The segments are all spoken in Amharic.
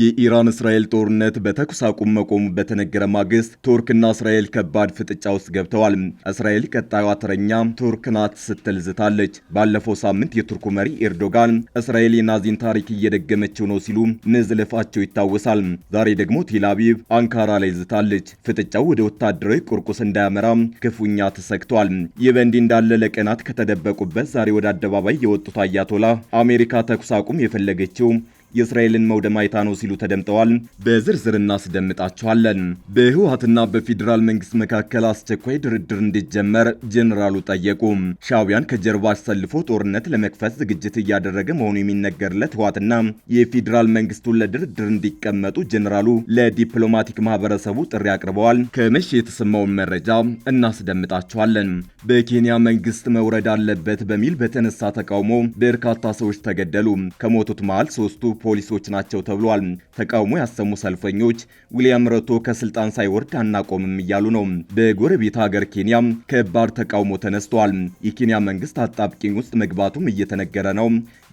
የኢራን እስራኤል ጦርነት በተኩስ አቁም መቆሙ በተነገረ ማግስት ቱርክና እስራኤል ከባድ ፍጥጫ ውስጥ ገብተዋል። እስራኤል ቀጣዩ አተረኛ ቱርክ ናት ስትል ዝታለች። ባለፈው ሳምንት የቱርኩ መሪ ኤርዶጋን እስራኤል የናዚን ታሪክ እየደገመችው ነው ሲሉ መዝለፋቸው ይታወሳል። ዛሬ ደግሞ ቴላቪቭ አንካራ ላይ ዝታለች። ፍጥጫው ወደ ወታደራዊ ቁርቁስ እንዳያመራ ክፉኛ ተሰግቷል። ይህ በእንዲህ እንዳለ ለቀናት ከተደበቁበት ዛሬ ወደ አደባባይ የወጡት አያቶላ አሜሪካ ተኩስ አቁም የፈለገችው የእስራኤልን መውደማይታ ነው ሲሉ ተደምጠዋል። በዝርዝር እናስደምጣቸዋለን። በህወሀትና በፌዴራል መንግስት መካከል አስቸኳይ ድርድር እንዲጀመር ጀኔራሉ ጠየቁ። ሻቢያን ከጀርባ አሰልፎ ጦርነት ለመክፈት ዝግጅት እያደረገ መሆኑ የሚነገርለት ህወሀትና የፌዴራል መንግስቱን ለድርድር እንዲቀመጡ ጀኔራሉ ለዲፕሎማቲክ ማህበረሰቡ ጥሪ አቅርበዋል። ከመሽ የተሰማውን መረጃ እናስደምጣቸዋለን። በኬንያ መንግስት መውረድ አለበት በሚል በተነሳ ተቃውሞ በርካታ ሰዎች ተገደሉ። ከሞቱት መሃል ሶስቱ ፖሊሶች ናቸው ተብሏል። ተቃውሞ ያሰሙ ሰልፈኞች ዊሊያም ረቶ ከስልጣን ሳይወርድ አናቆምም እያሉ ነው። በጎረቤት ሀገር ኬንያ ከባድ ተቃውሞ ተነስቷል። የኬንያ መንግስት አጣብቂኝ ውስጥ መግባቱም እየተነገረ ነው።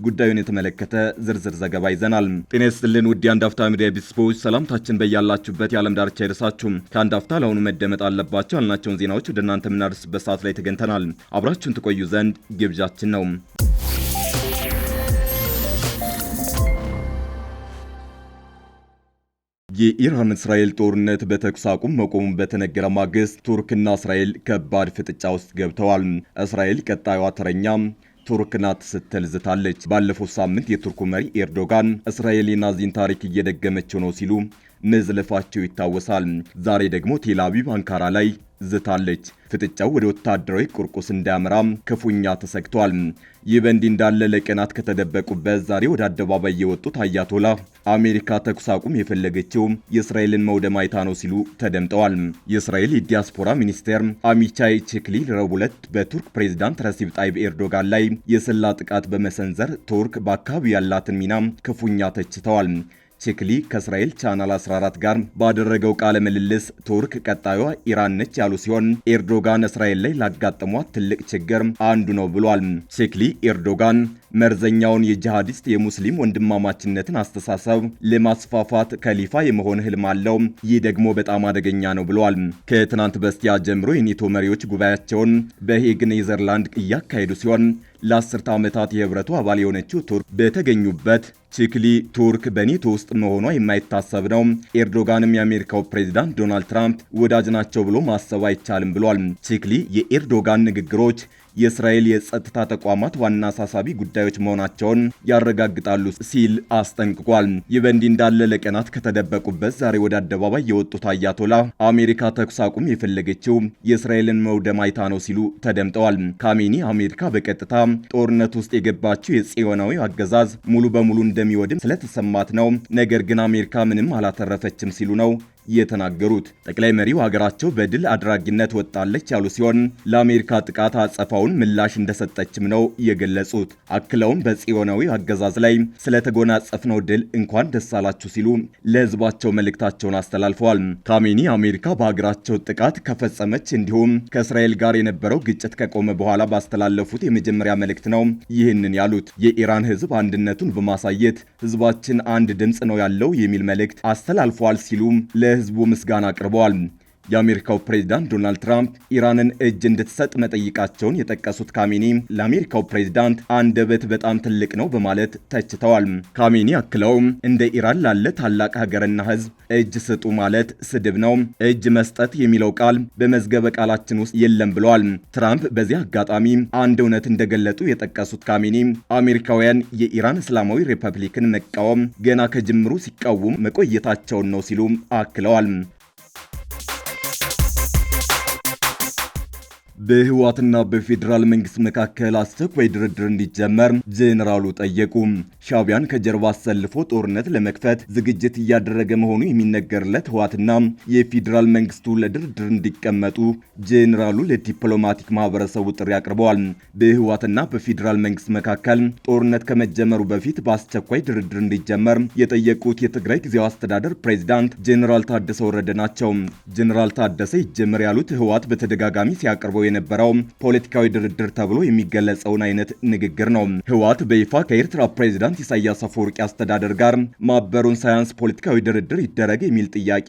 ጉዳዩን የተመለከተ ዝርዝር ዘገባ ይዘናል። ጤና ይስጥልን ውድ የአንድ አፍታ ሚዲያ ቤተሰቦች፣ ሰላምታችን በያላችሁበት የዓለም ዳርቻ ይድረሳችሁ። ከአንድ አፍታ ለአሁኑ መደመጥ አለባቸው ያልናቸውን ዜናዎች ወደ እናንተ የምናደርስበት ሰዓት ላይ ተገኝተናል። አብራችሁን ትቆዩ ዘንድ ግብዣችን ነው። የኢራን እስራኤል ጦርነት በተኩስ አቁም መቆሙን በተነገረ ማግስት ቱርክና እስራኤል ከባድ ፍጥጫ ውስጥ ገብተዋል። እስራኤል ቀጣዩዋ ተረኛ ቱርክ ናት ስትል ዝታለች። ባለፈው ሳምንት የቱርኩ መሪ ኤርዶጋን እስራኤል የናዚን ታሪክ እየደገመችው ነው ሲሉ መዝለፋቸው ይታወሳል። ዛሬ ደግሞ ቴላቪቭ አንካራ ላይ ዝታለች። ፍጥጫው ወደ ወታደራዊ ቁርቁስ እንዳያመራም ክፉኛ ተሰግቷል። ይህ በእንዲህ እንዳለ ለቀናት ከተደበቁበት ዛሬ ወደ አደባባይ የወጡት አያቶላ አሜሪካ ተኩስ አቁም የፈለገችው የእስራኤልን መውደም አይታ ነው ሲሉ ተደምጠዋል። የእስራኤል የዲያስፖራ ሚኒስቴር አሚቻይ ቼክሊ ረቡዕ ዕለት በቱርክ ፕሬዚዳንት ረሲብ ጣይብ ኤርዶጋን ላይ የሰላ ጥቃት በመሰንዘር ቱርክ በአካባቢው ያላትን ሚና ክፉኛ ተችተዋል። ቼክሊ ከእስራኤል ቻናል 14 ጋር ባደረገው ቃለ ምልልስ ቱርክ ቀጣዩዋ ኢራን ነች ያሉ ሲሆን ኤርዶጋን እስራኤል ላይ ላጋጠሟት ትልቅ ችግር አንዱ ነው ብሏል። ቼክሊ ኤርዶጋን መርዘኛውን የጂሃዲስት የሙስሊም ወንድማማችነትን አስተሳሰብ ለማስፋፋት ከሊፋ የመሆን ህልም አለው። ይህ ደግሞ በጣም አደገኛ ነው ብለዋል። ከትናንት በስቲያ ጀምሮ የኔቶ መሪዎች ጉባኤያቸውን በሄግ ኔዘርላንድ እያካሄዱ ሲሆን ለአስርተ ዓመታት የህብረቱ አባል የሆነችው ቱርክ በተገኙበት ቺክሊ ቱርክ በኔቶ ውስጥ መሆኗ የማይታሰብ ነው። ኤርዶጋንም የአሜሪካው ፕሬዚዳንት ዶናልድ ትራምፕ ወዳጅ ናቸው ብሎ ማሰብ አይቻልም ብሏል። ችክሊ የኤርዶጋን ንግግሮች የእስራኤል የጸጥታ ተቋማት ዋና አሳሳቢ ጉዳዮች መሆናቸውን ያረጋግጣሉ ሲል አስጠንቅቋል። ይህ በእንዲህ እንዳለ ለቀናት ከተደበቁበት ዛሬ ወደ አደባባይ የወጡት አያቶላ አሜሪካ ተኩስ አቁም የፈለገችው የእስራኤልን መውደም አይታ ነው ሲሉ ተደምጠዋል። ካሜኒ አሜሪካ በቀጥታ ጦርነት ውስጥ የገባችው የጽዮናዊ አገዛዝ ሙሉ በሙሉ እንደሚወድም ስለተሰማት ነው፣ ነገር ግን አሜሪካ ምንም አላተረፈችም ሲሉ ነው የተናገሩት ጠቅላይ መሪው ሀገራቸው በድል አድራጊነት ወጣለች ያሉ ሲሆን ለአሜሪካ ጥቃት አጸፋውን ምላሽ እንደሰጠችም ነው የገለጹት። አክለውም በጽዮናዊ አገዛዝ ላይ ስለተጎናጸፍነው ድል እንኳን ደስ አላችሁ ሲሉ ለህዝባቸው መልእክታቸውን አስተላልፈዋል። ካሜኒ አሜሪካ በሀገራቸው ጥቃት ከፈጸመች እንዲሁም ከእስራኤል ጋር የነበረው ግጭት ከቆመ በኋላ ባስተላለፉት የመጀመሪያ መልእክት ነው ይህንን ያሉት። የኢራን ህዝብ አንድነቱን በማሳየት ህዝባችን አንድ ድምፅ ነው ያለው የሚል መልእክት አስተላልፈዋል ሲሉ ለህዝቡ ምስጋና አቅርበዋል። የአሜሪካው ፕሬዚዳንት ዶናልድ ትራምፕ ኢራንን እጅ እንድትሰጥ መጠይቃቸውን የጠቀሱት ካሜኒ ለአሜሪካው ፕሬዚዳንት አንደበት በጣም ትልቅ ነው በማለት ተችተዋል። ካሜኒ አክለውም እንደ ኢራን ላለ ታላቅ ሀገርና ሕዝብ እጅ ስጡ ማለት ስድብ ነው፣ እጅ መስጠት የሚለው ቃል በመዝገበ ቃላችን ውስጥ የለም ብለዋል። ትራምፕ በዚህ አጋጣሚ አንድ እውነት እንደገለጡ የጠቀሱት ካሜኒ አሜሪካውያን የኢራን እስላማዊ ሪፐብሊክን መቃወም ገና ከጅምሩ ሲቃወሙ መቆየታቸውን ነው ሲሉ አክለዋል። በህወሓትና በፌዴራል መንግስት መካከል አስቸኳይ ድርድር እንዲጀመር ጄኔራሉ ጠየቁ። ሻቢያን ከጀርባ አሰልፎ ጦርነት ለመክፈት ዝግጅት እያደረገ መሆኑ የሚነገርለት ህወሓትና የፌዴራል መንግስቱ ለድርድር እንዲቀመጡ ጄኔራሉ ለዲፕሎማቲክ ማህበረሰቡ ጥሪ አቅርበዋል። በህወሓትና በፌዴራል መንግስት መካከል ጦርነት ከመጀመሩ በፊት በአስቸኳይ ድርድር እንዲጀመር የጠየቁት የትግራይ ጊዜያዊ አስተዳደር ፕሬዚዳንት ጄኔራል ታደሰ ወረደ ናቸው። ጄኔራል ታደሰ ይጀመር ያሉት ህወሓት በተደጋጋሚ ሲያቀርበው የነበረው ፖለቲካዊ ድርድር ተብሎ የሚገለጸውን አይነት ንግግር ነው። ህወሓት በይፋ ከኤርትራ ፕሬዚዳንት ኢሳያስ አፈወርቂ አስተዳደር ጋር ማበሩን ሳያንስ ፖለቲካዊ ድርድር ይደረግ የሚል ጥያቄ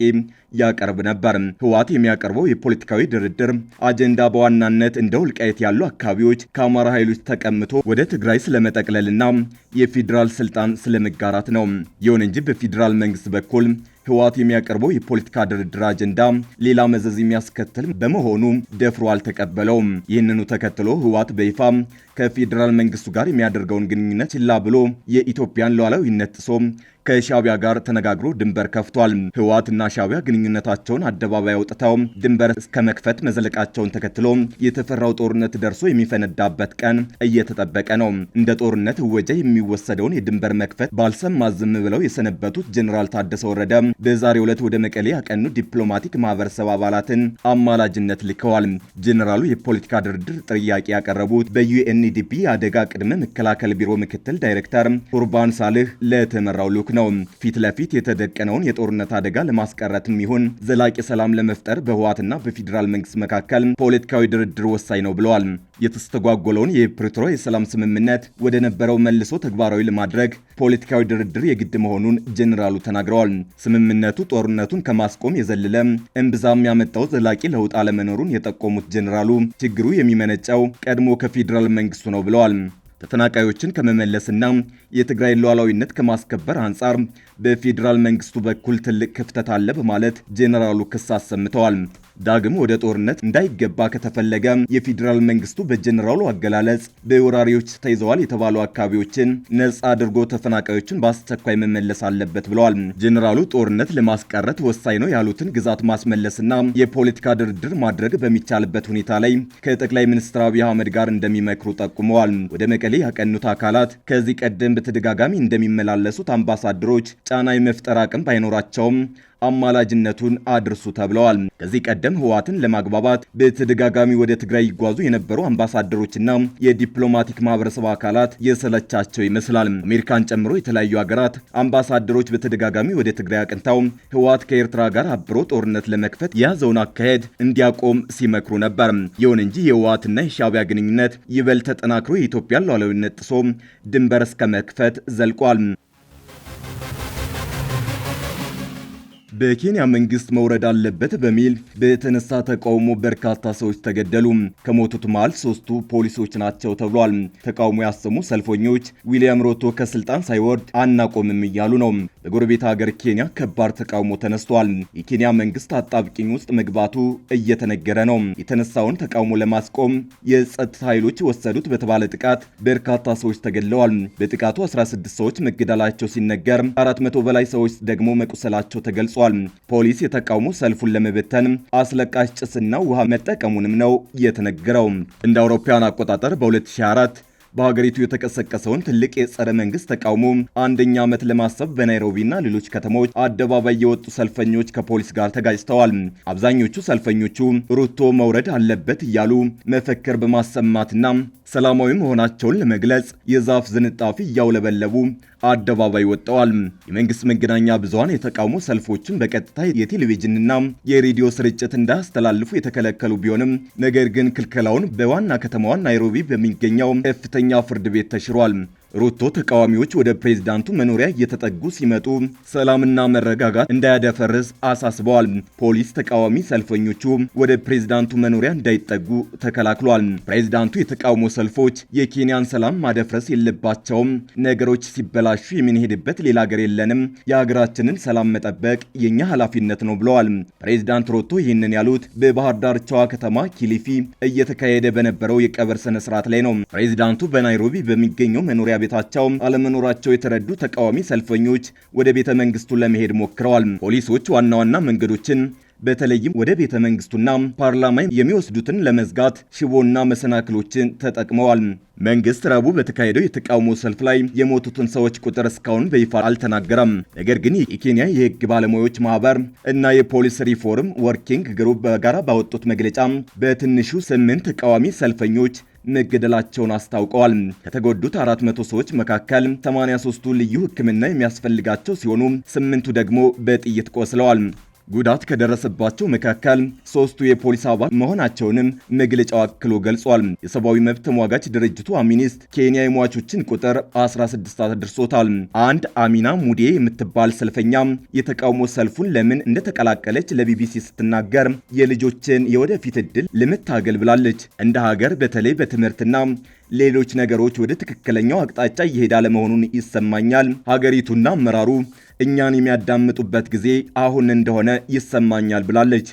ያቀርብ ነበር። ህወሓት የሚያቀርበው የፖለቲካዊ ድርድር አጀንዳ በዋናነት እንደ ወልቃይት ያሉ አካባቢዎች ከአማራ ኃይሎች ተቀምቶ ወደ ትግራይ ስለመጠቅለልና የፌዴራል ስልጣን ስለመጋራት ነው። ይሁን እንጂ በፌዴራል መንግስት በኩል ህወሓት የሚያቀርበው የፖለቲካ ድርድር አጀንዳ ሌላ መዘዝ የሚያስከትል በመሆኑ ደፍሮ አልተቀበለውም። ይህንኑ ተከትሎ ህወሓት በይፋ ከፌዴራል መንግስቱ ጋር የሚያደርገውን ግንኙነት ችላ ብሎ የኢትዮጵያን ሉዓላዊነት ጥሶ ከሻቢያ ጋር ተነጋግሮ ድንበር ከፍቷል። ህወሓትና ሻቢያ ግንኙነታቸውን አደባባይ አውጥተው ድንበር እስከ መክፈት መዘለቃቸውን ተከትሎ የተፈራው ጦርነት ደርሶ የሚፈነዳበት ቀን እየተጠበቀ ነው። እንደ ጦርነት እወጃ የሚወሰደውን የድንበር መክፈት ባልሰማ ዝም ብለው የሰነበቱት ጀኔራል ታደሰ ወረደ በዛሬው ዕለት ወደ መቀሌ ያቀኑ ዲፕሎማቲክ ማህበረሰብ አባላትን አማላጅነት ልከዋል። ጀኔራሉ የፖለቲካ ድርድር ጥያቄ ያቀረቡት በዩኤንዲፒ የአደጋ ቅድመ መከላከል ቢሮ ምክትል ዳይሬክተር ኡርባን ሳልህ ለተመራው ነው። ፊት ለፊት የተደቀነውን የጦርነት አደጋ ለማስቀረት የሚሆን ዘላቂ ሰላም ለመፍጠር በህወሓትና በፌዴራል መንግስት መካከል ፖለቲካዊ ድርድር ወሳኝ ነው ብለዋል። የተስተጓጎለውን የፕሪቶሪያ የሰላም ስምምነት ወደ ነበረው መልሶ ተግባራዊ ለማድረግ ፖለቲካዊ ድርድር የግድ መሆኑን ጀኔራሉ ተናግረዋል። ስምምነቱ ጦርነቱን ከማስቆም የዘለለ እምብዛም ያመጣው ዘላቂ ለውጥ አለመኖሩን የጠቆሙት ጀኔራሉ ችግሩ የሚመነጨው ቀድሞ ከፌዴራል መንግስቱ ነው ብለዋል። ተፈናቃዮችን ከመመለስና የትግራይ ሉዓላዊነት ከማስከበር አንጻር በፌዴራል መንግስቱ በኩል ትልቅ ክፍተት አለ በማለት ጄኔራሉ ክስ አሰምተዋል። ዳግም ወደ ጦርነት እንዳይገባ ከተፈለገ የፌዴራል መንግስቱ በጀኔራሉ አገላለጽ በወራሪዎች ተይዘዋል የተባሉ አካባቢዎችን ነጻ አድርጎ ተፈናቃዮችን በአስቸኳይ መመለስ አለበት ብለዋል። ጄኔራሉ ጦርነት ለማስቀረት ወሳኝ ነው ያሉትን ግዛት ማስመለስና የፖለቲካ ድርድር ማድረግ በሚቻልበት ሁኔታ ላይ ከጠቅላይ ሚኒስትር አብይ አህመድ ጋር እንደሚመክሩ ጠቁመዋል። ወደ መቀሌ መቀሌ ያቀኑት አካላት ከዚህ ቀደም በተደጋጋሚ እንደሚመላለሱት አምባሳደሮች ጫና የመፍጠር አቅም ባይኖራቸውም አማላጅነቱን አድርሱ ተብለዋል። ከዚህ ቀደም ህወሓትን ለማግባባት በተደጋጋሚ ወደ ትግራይ ይጓዙ የነበሩ አምባሳደሮችና የዲፕሎማቲክ ማህበረሰብ አካላት የሰለቻቸው ይመስላል። አሜሪካን ጨምሮ የተለያዩ ሀገራት አምባሳደሮች በተደጋጋሚ ወደ ትግራይ አቅንተው ህወሓት ከኤርትራ ጋር አብሮ ጦርነት ለመክፈት የያዘውን አካሄድ እንዲያቆም ሲመክሩ ነበር። ይሁን እንጂ የህወሓትና የሻቢያ ግንኙነት ይበልጥ ተጠናክሮ የኢትዮጵያን ሉዓላዊነት ጥሶ ድንበር እስከ መክፈት ዘልቋል። በኬንያ መንግስት መውረድ አለበት በሚል በተነሳ ተቃውሞ በርካታ ሰዎች ተገደሉ። ከሞቱት መሃል ሶስቱ ፖሊሶች ናቸው ተብሏል። ተቃውሞ ያሰሙ ሰልፈኞች ዊሊያም ሮቶ ከስልጣን ሳይወርድ አናቆምም እያሉ ነው። በጎረቤት ሀገር ኬንያ ከባድ ተቃውሞ ተነስቷል። የኬንያ መንግስት አጣብቂኝ ውስጥ መግባቱ እየተነገረ ነው። የተነሳውን ተቃውሞ ለማስቆም የጸጥታ ኃይሎች ወሰዱት በተባለ ጥቃት በርካታ ሰዎች ተገድለዋል። በጥቃቱ 16 ሰዎች መገደላቸው ሲነገር፣ ከአራት መቶ በላይ ሰዎች ደግሞ መቁሰላቸው ተገልጿል። ተናግረዋል። ፖሊስ የተቃውሞ ሰልፉን ለመበተን አስለቃሽ ጭስና ውሃ መጠቀሙንም ነው የተነገረው። እንደ አውሮፓውያን አቆጣጠር በ2004 በሀገሪቱ የተቀሰቀሰውን ትልቅ የጸረ መንግስት ተቃውሞ አንደኛ ዓመት ለማሰብ በናይሮቢና ሌሎች ከተሞች አደባባይ የወጡ ሰልፈኞች ከፖሊስ ጋር ተጋጭተዋል። አብዛኞቹ ሰልፈኞቹ ሩቶ መውረድ አለበት እያሉ መፈክር በማሰማትና ሰላማዊ መሆናቸውን ለመግለጽ የዛፍ ዝንጣፊ እያውለበለቡ አደባባይ ወጥተዋል። የመንግስት መገናኛ ብዙሃን የተቃውሞ ሰልፎችን በቀጥታ የቴሌቪዥንና የሬዲዮ ስርጭት እንዳያስተላልፉ የተከለከሉ ቢሆንም ነገር ግን ክልከላውን በዋና ከተማዋ ናይሮቢ በሚገኘው ከፍተኛ ፍርድ ቤት ተሽሯል። ሩቶ ተቃዋሚዎች ወደ ፕሬዝዳንቱ መኖሪያ እየተጠጉ ሲመጡ ሰላምና መረጋጋት እንዳያደፈርስ አሳስበዋል። ፖሊስ ተቃዋሚ ሰልፈኞቹ ወደ ፕሬዝዳንቱ መኖሪያ እንዳይጠጉ ተከላክሏል። ፕሬዝዳንቱ የተቃውሞ ሰልፎች የኬንያን ሰላም ማደፍረስ የለባቸውም፣ ነገሮች ሲበላሹ የምንሄድበት ሌላ ሀገር የለንም፣ የሀገራችንን ሰላም መጠበቅ የእኛ ኃላፊነት ነው ብለዋል። ፕሬዝዳንት ሩቶ ይህንን ያሉት በባህር ዳርቻዋ ከተማ ኪሊፊ እየተካሄደ በነበረው የቀብር ስነስርዓት ላይ ነው። ፕሬዝዳንቱ በናይሮቢ በሚገኘው መኖሪያ ቤታቸው አለመኖራቸው የተረዱ ተቃዋሚ ሰልፈኞች ወደ ቤተ መንግስቱ ለመሄድ ሞክረዋል። ፖሊሶች ዋና ዋና መንገዶችን በተለይም ወደ ቤተ መንግስቱና ፓርላማ የሚወስዱትን ለመዝጋት ሽቦና መሰናክሎችን ተጠቅመዋል። መንግስት ረቡዕ በተካሄደው የተቃውሞ ሰልፍ ላይ የሞቱትን ሰዎች ቁጥር እስካሁን በይፋ አልተናገረም። ነገር ግን የኬንያ የህግ ባለሙያዎች ማህበር እና የፖሊስ ሪፎርም ወርኪንግ ግሩፕ በጋራ ባወጡት መግለጫ በትንሹ ስምንት ተቃዋሚ ሰልፈኞች መገደላቸውን አስታውቀዋል። ከተጎዱት 400 ሰዎች መካከል 83ቱ ልዩ ሕክምና የሚያስፈልጋቸው ሲሆኑ ስምንቱ ደግሞ በጥይት ቆስለዋል። ጉዳት ከደረሰባቸው መካከል ሶስቱ የፖሊስ አባል መሆናቸውንም መግለጫው አክሎ ገልጿል። የሰብአዊ መብት ተሟጋች ድርጅቱ አሚኒስት ኬንያ የሟቾችን ቁጥር 16 አድርሶታል። አንድ አሚና ሙዴ የምትባል ሰልፈኛ የተቃውሞ ሰልፉን ለምን እንደተቀላቀለች ለቢቢሲ ስትናገር የልጆችን የወደፊት እድል ለመታገል ብላለች። እንደ ሀገር በተለይ በትምህርትና ሌሎች ነገሮች ወደ ትክክለኛው አቅጣጫ እየሄደ አለመሆኑን ይሰማኛል። ሀገሪቱና አመራሩ እኛን የሚያዳምጡበት ጊዜ አሁን እንደሆነ ይሰማኛል ብላለች።